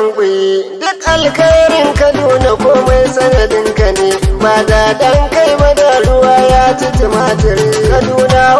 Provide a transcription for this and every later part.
kwankwayi duk alkhairin kaduna komai sanadin ka ne ba da dan kai ba da ruwa ya ci tumatiri kaduna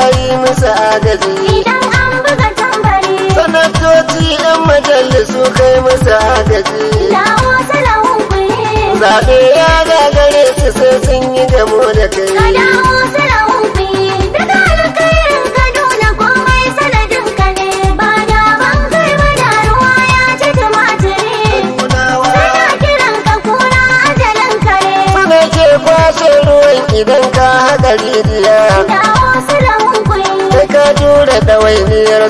ya yi musu agaji idan an buga tambari sanatoci yan majalisu kai musu agaji lawo talahun kuye zaɓe ya gagari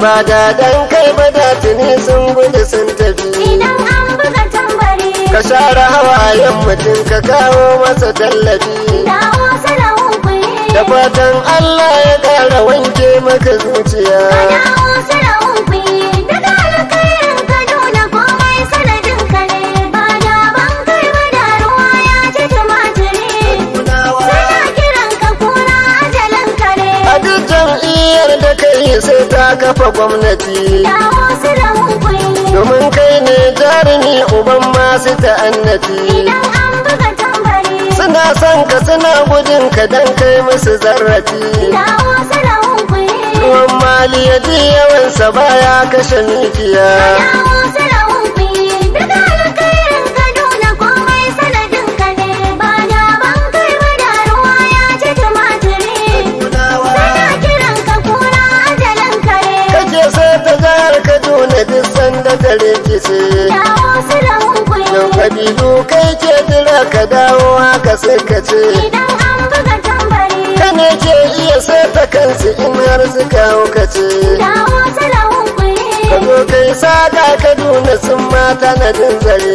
ba dan kai ba da tuni sun buɗe sun tafi idan an buga tambari ka share hawayen mutum ka kawo masa tallafi dawo da fatan Allah ya ƙara wanke maka zuciya gwamnati domin kai ne jarumi uban masu ta'annati suna son ka suna gudun ka don kai musu zarrafi ruwan mali yawansa baya kashe mikiya ta rikice yau kabilu kai ke jira ka dawo haka ka ce idan an buga tambari kane ce ke iya seta kansu in har suka hauka ce dawo ta da hunkuri kai kaduna sun mata na jin zare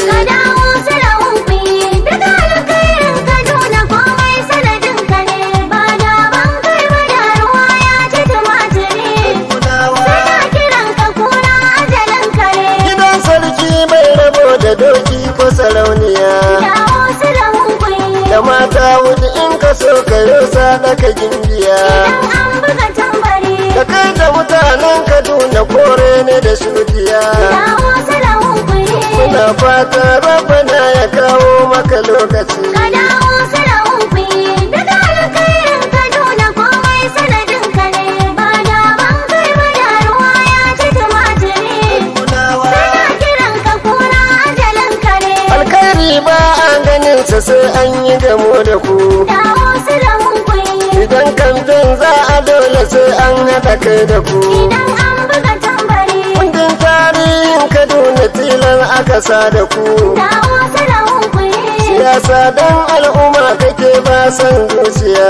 ka dauki fa sarauniya da mata wuce in ka so ka yi yo ka gindiya da kai da mutanen kaduna kore ne da shudiya muna fata rabana ya kawo maka lokaci Ka ce sai an yi gamo da ku idan kamfen za a dole sai an haɗa kai da ku kundin tarihin kaduna tilan aka sa da ku siyasa don al'umma kake ba son zuciya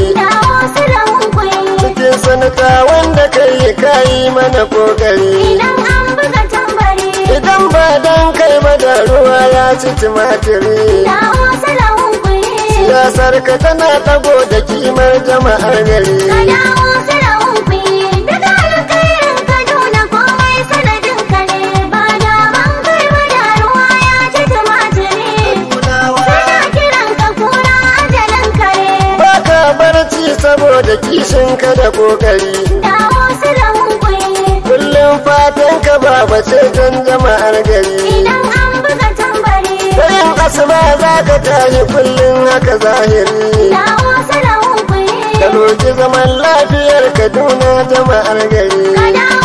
kwanuka wanda kai kayi mana kokari idan ba dan kai ba da ruwa ya ci tumatiri siyasar ka tana tago da kimar jama'ar gari kokari dawo su da mun kullum fatan ka ba bace don jama'ar gari idan an buga tambari karin asuba za ka tashi kullum haka zahiri dawo su da mun ka zaman lafiyar kaduna jama'ar gari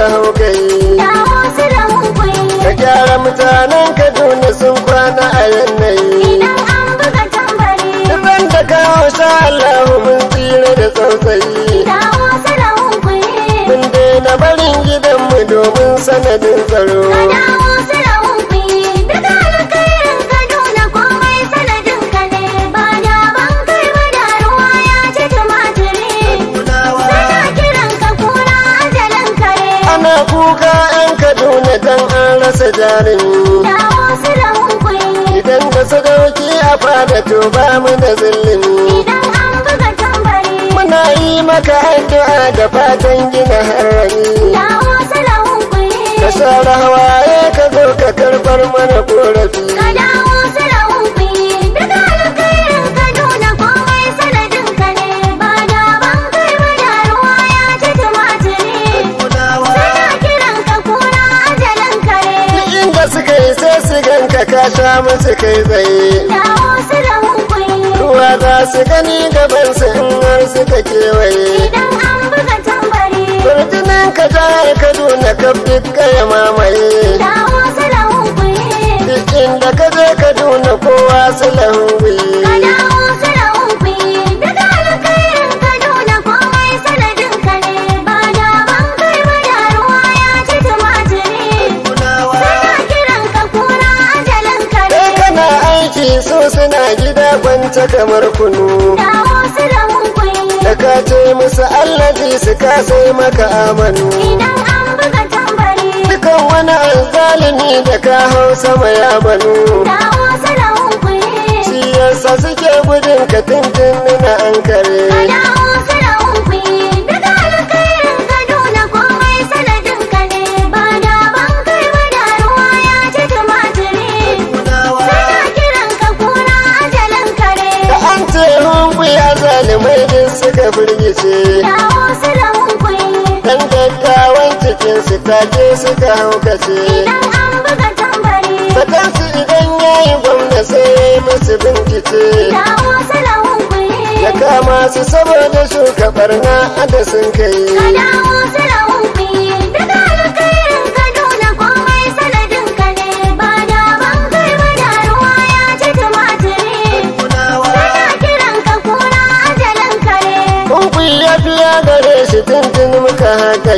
ka hau ka gyara mutanen kaduna sun kwana a yanayi idan da kawo sha Allahu mun tsira da tsautsayi mun daina barin gidanmu domin sanadin tsaro idan da sadauki a fada to ba mu da zillin muna yi maka addu'a da fatan gina harami ka share hawaye ka zo ka karbar mana korafi su ganka ka sha musu kai tsaye ruwa za su gani gabansu in har suka kewaye Burjinin ka jihar Kaduna ka dukka ya mamaye Duk da ka je Kaduna kowa su lahungwi manta kamar kunu da ka ce musu allazi su ka sai maka amanu dukan wani alzalini da ka hau sama ya manu shi yasa suke gudun ka tuntun na an kare malamai din suka firgice dan gaggawan cikin su take suka haukace Bakan su idan yayi gwamna sai musu bincike Ya kama su saboda shugabar na da sun kai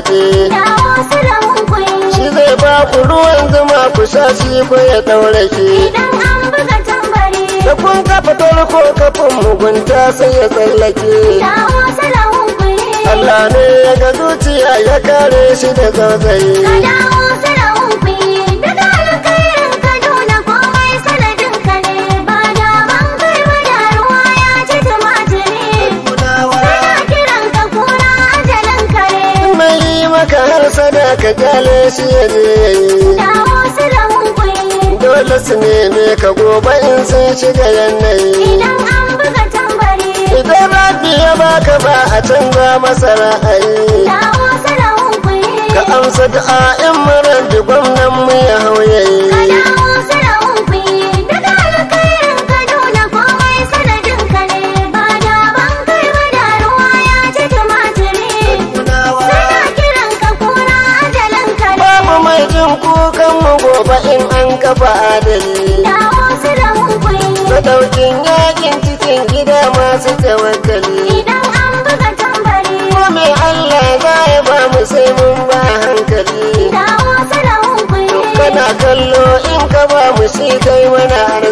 rake shi zai ba ku ruwan zuma ku sha shi ko ya daurake da kun kafa tarko kafin mugunta sai ya tsallake Allah ne ya ga zuciya ya kare shi da zazayi sada ka gale shi ya ne dole su neme ka gobe in sun shiga yanayi idan an buga tambari idan rabi ya baka ba a canza masa ra'ayi ka amsa da a'in marar da gwamnan mu ya hauyayi gobe in an kafa adali madaukin yakin cikin gida masu tawakkali idan an buga tambari ko mai allah za ya ba mu sai mun ba hankali kana kallo in ka ba mu shi kai mana arziki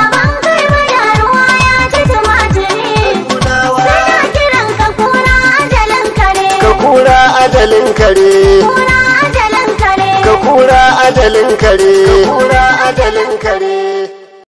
ajalin kare ka kura ajalin kare ka kura ajalin kare